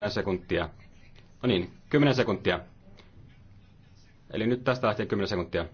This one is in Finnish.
10 sekuntia. No niin, 10 sekuntia. Eli nyt tästä lähtee 10 sekuntia.